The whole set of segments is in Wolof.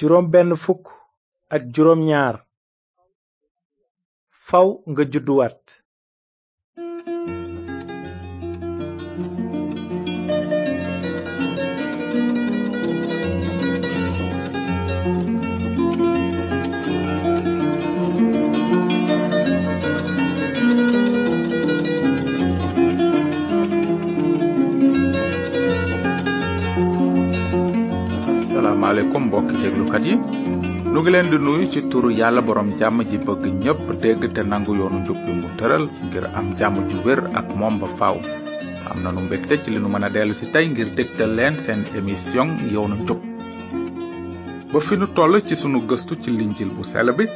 juróom benn fukk ak juróom ñaar faw nga judduwaat asalaamaaleykum mbokki déglukat yi nu ngi leen di nuyu ci turu yàlla borom jàmm ji bëgg ñépp dégg te nangu yoonu njub bi mu tëral ngir am jàmm ju wér ak moom ba faaw xam na nu te ci li nu mën a dellu si tey ngir dégtal leen seen émission yoonu njub ba fi nu toll ci sunu gëstu ci linjil bu sell bi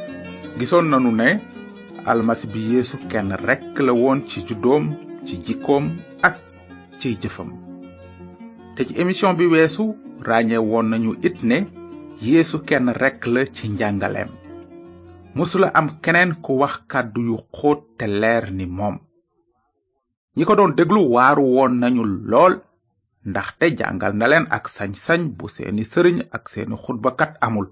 gisoon nanu ne almasi bi yeesu kenn rekk la woon ci juddoom ci jikkoom ak ci jëfam te ci émission bi weesu ràññe woon nañu it ne yeesu kenn rekk la ci njàngaleem mësula am keneen ku wax kàddu yu xóot te leer ni moom ñi ko doon déglu waaru woon nañu lool ndaxte jàngal na leen ak sañ bu seeni sëriñ ak seeni xutbakat amul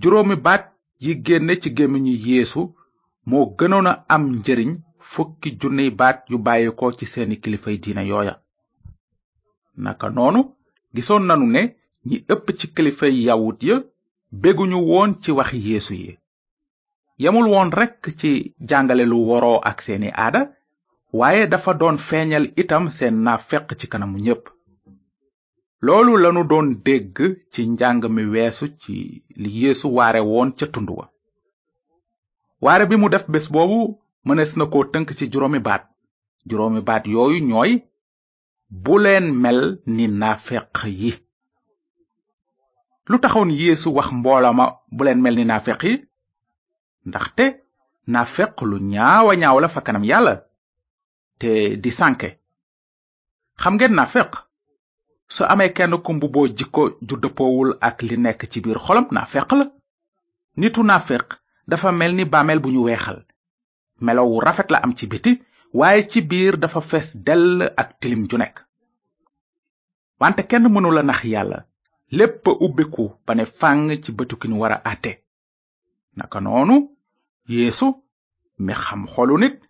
juróomi baat yi génne ci gémmiñu yeesu moo gënoona am njariñ fukki junniy baat yu bàyyi ko ci seeni kilifay diina yooya noonu gisoon nanu ne ñi ëpp ci kilifay yawut ya béguñu woon ci wax yeesu yi yamul woon rekk ci jàngale lu woroo ak seeni aada waaye dafa doon feeñal itam seen naafeq ci kanamu ñépp loolu lanu doon dégg ci njàng mi weesu ci li yeesu waare woon ca tund wa waare bi mu def bés boobu mënees na ko tënk ci juróomi baat juróomi baat yooyu ñooy bu leen mel ni naafeq yi lu taxoon yeesu wax mbooloo ma bu leen mel ni naafeq yi ndaxte naafeq lu ñaawa ñaaw la fa kanam yàlla te di sànke xam ngeen naafeq su amee kenn ku mbubboo jikko ju dëppoowul ak li nekk ci biir xolam naafeq la nitu naafeq dafa mel ni bàmmeel bu ñu weexal melow wu rafet la am ci biti waaye ci biir dafa fees dell ak tilim ju nekk wante kenn mënula nax yàlla lépp a ubbiku ba ne fàng ci bëtu ki war a àtte naka noonu yéesu mi xam xolu nit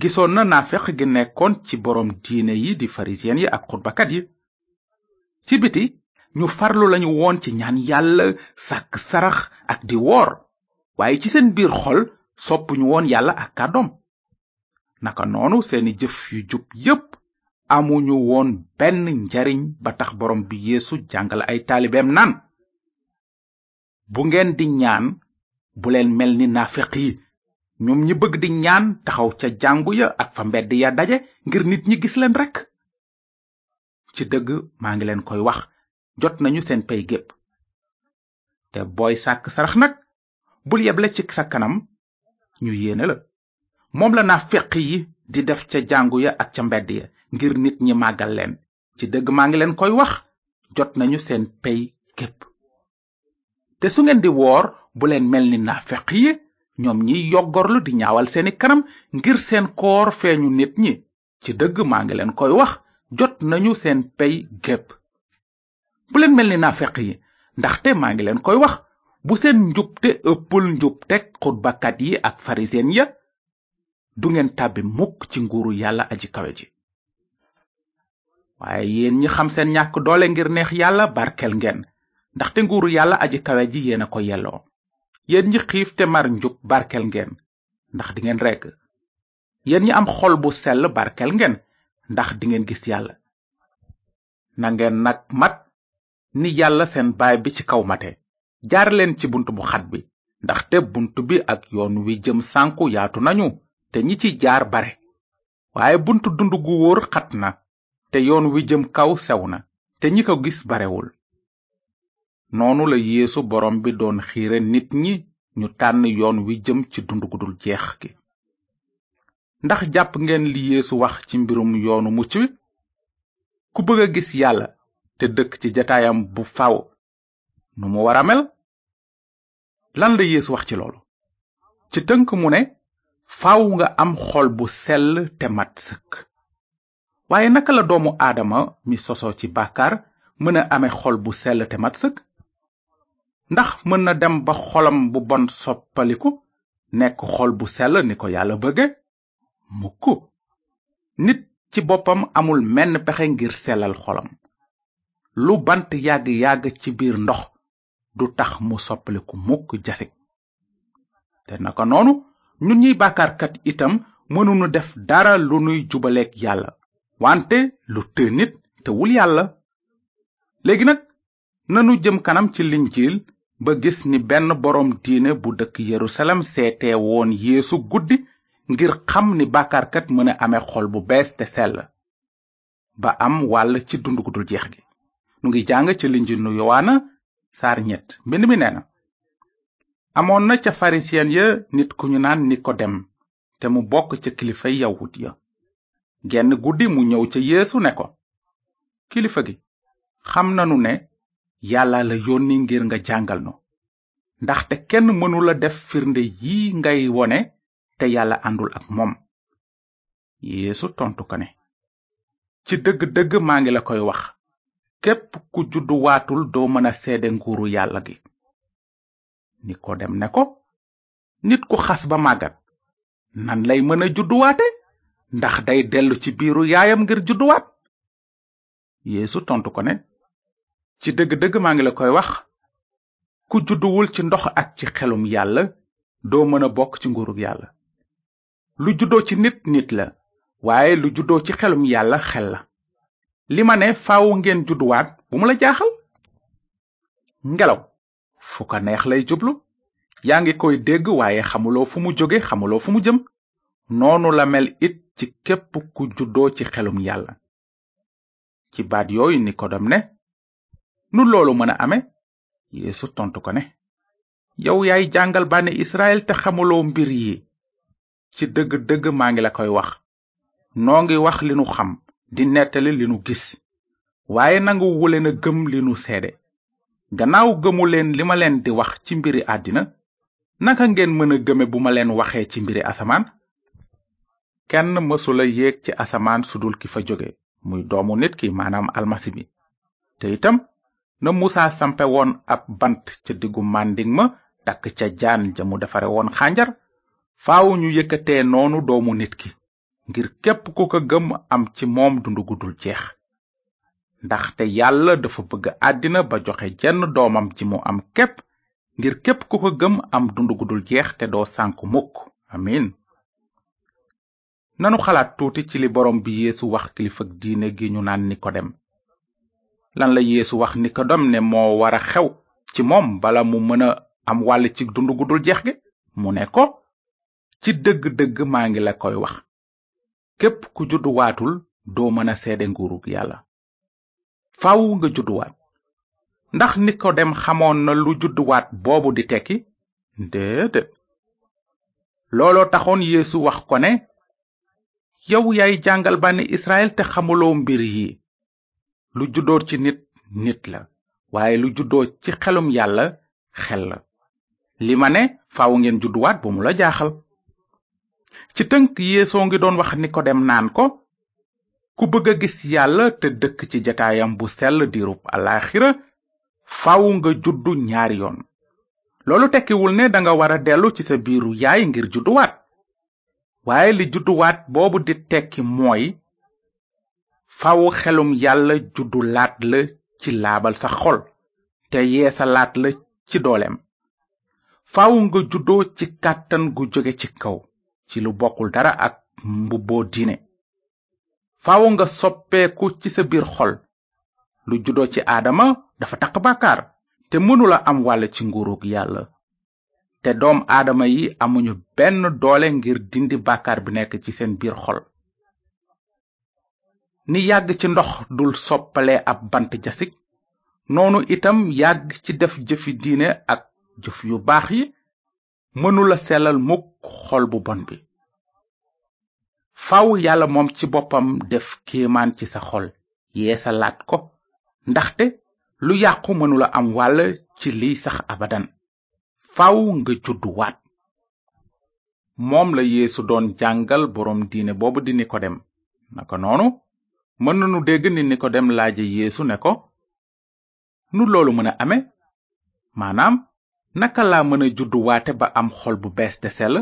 gisoon na naafeq gi nekkoon ci boroom diine yi di farisiyen yi ak xutbakat yi ci biti ñu farlu lañu woon ci ñaan yàlla sàkk sarax ak di woor waaye ci seen biir xol soppuñu woon yàlla ak kàddoom naka noonu seeni jëf yu jub yépp amuñu woon benn njariñ ba tax borom bi yeesu jàngale ay taalibeem naan bu ngeen di ñaan bu leen mel ni naafeq yi ñoom ñi bëgg di ñaan taxaw ca jàngu ya ak fa mbedd ya daje ngir nit ñi gis leen rekk ci dëgg maa ngi leen koy wax jot nañu seen pay gépp te booy sàkk sarax nag bul yeble ci sa kanam ñu yéene la moom la naaféq yi di def ca jàngu ya ak ca mbedd ya ngir nit ñi màggal leen ci dëgg maa ngi leen koy wax jot nañu seen pey képp te su ngeen di woor bu leen mel ni naaféq yi ñoom ñi yoggorlu di ñaawal seeni kanam ngir seen koor feeñu nit ñi ci dëgg maa ngi leen koy wax jot nañu seen pey gépp bu leen mel ni naaféq yi ndaxte maa ngi leen koy wax bu seen njubte ëppul njubteg xutbakat yi ak farisiyen ya du ngeen tàbbi mukk ci nguuru yàlla aji kawe ji waaye yéen ñi xam seen ñàkk doole ngir neex yàlla barkel ngeen ndaxte nguuru yàlla aji kawe ji yéen a ko yelloo yéen ñi xiif te mar njub barkel ngeen ndax dingeen regg yéen ñi am xol bu sell barkel ngeen ndax dingeen gis yàlla nangeen nag mat ni yàlla seen baay bi ci kaw mate jaar leen ci bunt bu xat bi ndaxte bunt bi ak yoon wi jëm sànku yaatu nañu te ñi ci jaar bare waaye buntu dund gu wóor xat na te yoon wi jëm kaw sew na te ñi ko gis barewul noonu la yéesu borom bi doon xiire nit ñi ñu tànn yoon wi jëm ci dund gu dul jeex gi ndax jàpp ngeen li yéesu wax ci mbirum yoonu mucc wi ku bëgg a gis yàlla te dëkk ci jataayam bu faw nu mu wara mel lan la yeesu wax ci loolu ci tënk mu ne faw nga am xol bu sell te mat sëkk waaye naka la doomu aadama mi sosoo ci bàkkaar mën a ame xol bu sell te mat sëkk ndax mën na dem ba xolam bu bon soppaliku nekk xol bu sell ni ko yàlla bëgge mukk nit ci boppam amul menn pexe ngir sellal xolam lu bant yàgg-yàgg ci biir ndox du tax mu soppaliku mukk jasig te naka noonu ñun ñiy bàkkaarkat itam mënunu def dara lu nuy jubaleek yàlla wante lu të nit tewul yàlla léegi nag nanu jëm kanam ci linjiil ba gis ni benn boroom diine bu dëkk yerusalem seete woon yéesu guddi ngir xam ni bàkkaarkat mën a amee xol bu bees te sell ba am wàll ci dund gu jeex gi nu ngi jàng ci linjiil nu yowaana saar ñett mbind mi nee amoon na ca farisiyen ya nit ku ñu naan nikodem te mu bokk ca kilifay yawut ya genn guddi mu ñëw ca yéesu ne ko kilifa gi xam nanu ne yàlla la yónni ngir nga jàngal nu ndaxte kenn mënula def firnde yi ngay wone te yàlla àndul ak moom yeesu tontu ko ne ci dëgg-dëgg maa ngi la koy wax képp ku judduwaatul doo mën a seede nguuru yàlla gi dem ne ko nit ku xas ba màggat nan lay mën a judduwaate ndax day dellu ci biiru yaayam ngir judduwaat yéesu tontu ko ne ci dëgg-dëgg maa ngi la koy wax ku judduwul ci ndox ak ci xelum yàlla doo mën a bokk ci nguurug yàlla lu juddoo ci nit nit la waaye lu juddoo ci xelum yàlla xel la li ma ne faaw ngeen judduwaat bu mu la jaaxal ngelaw fu ko neex lay jublu yaa ngi koy dégg waaye xamuloo fu mu jóge xamuloo fu mu jëm noonu la mel it ci képp ku juddoo ci xelum yàlla ci baat yooyu nikodem ne nu loolu mën a ame yeesu tontu ko ne yow yaay jàngal bànni israel te xamuloo mbir yi ci dëgg dëgg maa ngi la koy wax noo ngi wax li nu xam di nettali li nu gis waaye nangu wuleen a gëm li nu seede gannaaw gëmu leen li ma leen di wax ci mbiri àddina naka ngeen mën a gëme bu ma leen waxee ci mbiri asamaan kenn mësula yéeg ci asamaan su dul ki fa jóge muy doomu nit ki maanaam almasi bi te itam na musaa sampe woon ab bant ca diggu mànding ma takk ca jaan ja mu defare woon xànjar faaw ñu yëkkatee noonu doomu nit ki ngir képp ku ko gëm am ci moom dundu gudul jeex ndax te yàlla dafa bëgg àddina ba joxe jenn doomam ji mu am képp ngir képp ku ko gëm am dund gu jeex te doo sànku mukk amin nanu xalaat tuuti ci li borom bi yéesu wax kilifag diine gi ñu naan nikodem lan la yéesu wax nikodem ne moo war a xew ci moom bala mu mën a am wàll ci dund gu jeex gi mu ne ko ci dëgg-dëgg maa ngi la koy wax képp ku judduwaatul doo mën a seede nguurug yàlla faw nga judduwaat ndax nikodem xamoon na lu judduwaat boobu di tekki déedéet looloo taxoon yéesu wax ko ne yow yaay jàngal bànni israel te xamuloo mbir yi lu juddoo ci nit nit la waaye lu juddoo ci xelum yàlla xel la li ma ne faw ngeen judduwaat bu mu la jaaxal ci tënk yeesoo ngi doon wax nikodem naan ko ku bëgg a gis yàlla te dëkk ci jataayam bu sell diirub alaxira faw nga juddu ñaar yoon loolu tekkiwul ne danga war a dellu ci sa biiru yaay ngir judduwaat waaye li judduwaat boobu di tekki mooy faw xelum yàlla juddu laat la ci laabal sa xol te yeesa laat la ci dooleem faw nga juddoo ci kàttan gu jóge ci kaw ci lu bokkul dara ak mbubboo diine faaw nga soppeeku ci sa biir xol lu juddoo ci aadama dafa taq bàkkaar te mënula am wàll ci nguurug yàlla te doom aadama yi amuñu benn doole ngir dindi bàkkaar bi nekk ci seen biir xol ni yàgg ci ndox dul soppale ab bant jasig noonu itam yàgg ci def jëfi diine ak jëf yu baax yi mënula selal mukk xol bu bon bi faw yàlla moom ci boppam def kéemaan ci sa xol yeesalaat ko ndaxte lu yàqu mënula am wàll ci liy sax abadan faw nga juddu judduwaat moom la yéesu doon jàngal boroom diine boobu di nikodem ko noonu mën nanu dégg ni nikodem laaje yeesu ne ko nu loolu mën a ame maanaam naka laa mën a judduwaate ba am xol bu bees te sell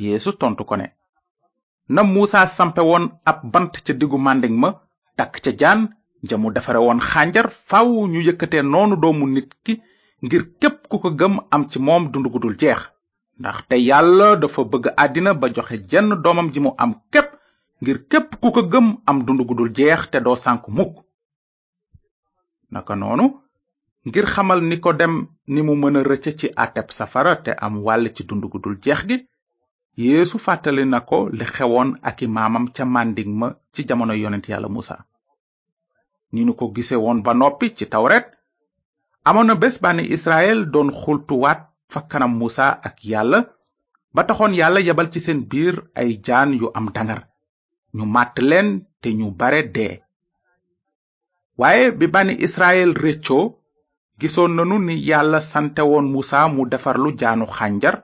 yéesu tontu ko ne na muusa sampe woon ab bant ca diggu màndiŋ ma takk ca jaan ja defare woon xànjar faaw ñu yëkkatee noonu doomu nit ki ngir képp ku ko gëm am ci moom dund gu dul jeex ndaxte yàlla dafa bëgg àddina ba joxe jenn doomam ji mu am képp ngir képp ku ko gëm am dund dul jeex te doo sànku mukk naka noonu ngir xamal ni ko dem ni mu mën a rëcc ci àtteb safara te am wàll ci dund dul jeex gi yéesu fàttali na ko li xewoon aki maamam ca màndig ma ci jamono yonent yàlla musa ni nu ko gise woon ba noppi ci tawret amoon na bés bànni israel doon xultuwaat fa kanam musa ak yàlla ba taxoon yàlla yebal ci seen biir ay jaan yu am dangar ñu màtt leen te ñu bare dee waaye bi bànni israel réccoo gisoon nanu ni yàlla sante woon musa mu defarlu jaanu xànjar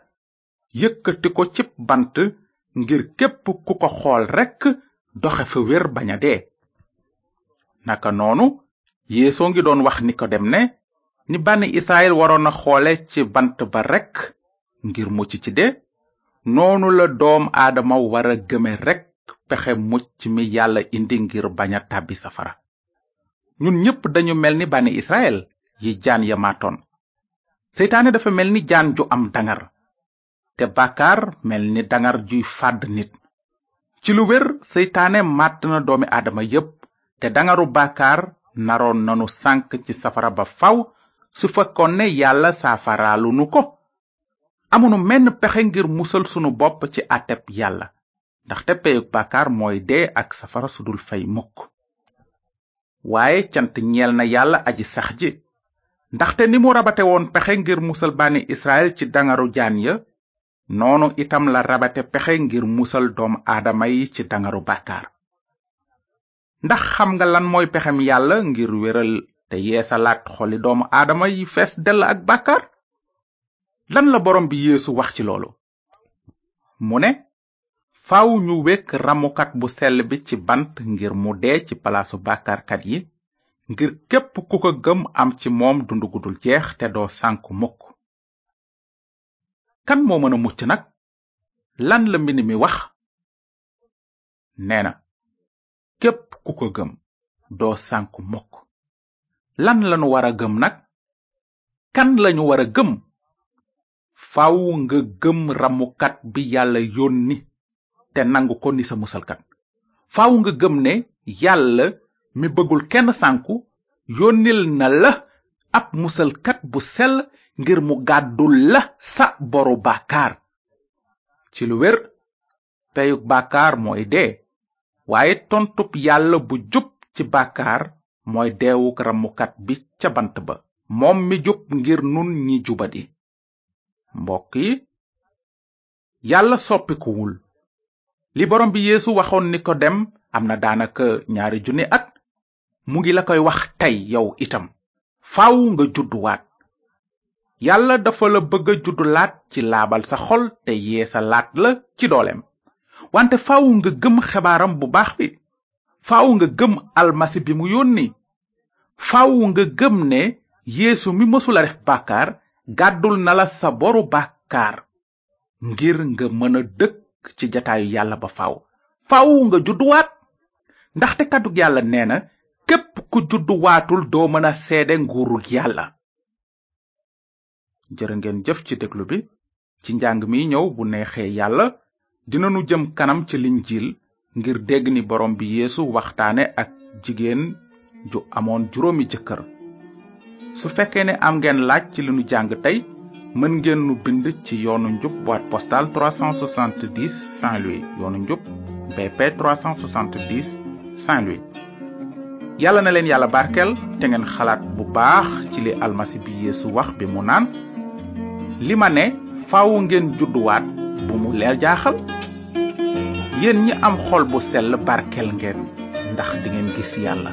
yëkkati ko cib bant ngir képp ku ko xool rekk doxe fa wér baña dee naka noonu yeeso ngi doon wax ni ko dem ne ni bànni israel waroon a xoole ci bant ba rekk ngir mucc ci de noonu la doom aadama wara gëme rekk pexe mucc mi yàlla indi ngir baña tàbbi safara ñun ñépp dañu mel ni bànni israel yi jaan ya seytaane dafa mel ni jaan ju am dangar te bàkkaar mel ni dangar juy fàdd nit ci lu wér seytaane màtt na doomi aadama yépp te dangaru bàkkaar naroon nanu sànk ci safara ba faw su fekkoon ne yàlla saafaraalu nu ko amunu menn pexe ngir musal sunu bopp ci àtteb yàlla ndaxte peyug bàkkaar mooy dee ak safara su dul fey mukk waaye cant ñeel na yàlla aji sax ji ndaxte ni mu rabate woon pexe ngir musal bànni israel ci dangaru jaan ya noonu itam la rabate pexe ngir musal doomu aadama yi ci dangaru bàkkaar ndax xam nga lan mooy pexem yàlla ngir wéral te yeesalaat xoli doomu aadama yi fees dell ak bàkkaar lan la borom bi yeesu wax ci loolu mu ne faaw ñu wekk ramukat bu sell bi ci bant ngir mu dee ci palaasu bàkkaarkat yi ngir képp ku ko gëm am ci moom dund gudul jeex te doo sànku mukk kan moo mën a mucc nag lan la mbind mi wax nee na képp ku ko gëm doo sànku mukk lan lañu war a gëm nag kan lañu war a gëm faw nga gëm ramukat bi yàlla yónni te nangu ko ni sa musalkat faw nga gëm ne yàlla mi bëggul kenn sànku yónnil na la ab musalkat bu sel ngir mu gàddul la sa boru bàkkaar ci lu wér peyug bàkkaar mooy dee waaye tontub yàlla bu jub ci bàkkaar mooy deewuk ramukat bi ca bant ba moom mi jub ngir nun ñi jubadi mbokk yi yàlla soppikuwul li borom bi yeesu waxoon dem am na daanaka ñaari junni at mu ngi la koy wax tey yow itam faw nga judduwaat yàlla dafa la bëgg a laat ci laabal sa xol te laat la ci dooleem wante faw nga gëm xebaaram bu baax bi faw nga gëm almasi bi mu yónni faw nga gëm ne yéesu mi mësula def bàkkaar gàddul na la sa boru bàkkaar ngir nga mën a dëkk ci jataayu yàlla ba faaw faaw nga judduwaat ndaxte kàddug yàlla nee na képp ku judduwaatul doo mën a seede nguurug yàlla jërë ngeen jëf ci déglu bi ci njàng mi ñëw bu neexee yàlla dina dinanu jëm kanam ci liñ linjiil ngir dégg ni borom bi yéesu waxtaane ak jigéen ju amoon juróomi jëkkër su fekkee ne am ngeen laaj ci li nu jàng tey mën ngeen nu bind ci yoonu njub boîte postale 370 Saint-Louis yoonu njub BP 370 Saint-Louis yàlla na leen yàlla barkeel te ngeen xalaat bu baax ci li almasi bi yeesu wax bi mu naan li ma ne faaw ngeen judduwaat bu mu leer jaaxal yéen ñi am xol bu sell barkel ngeen ndax dingeen gis yàlla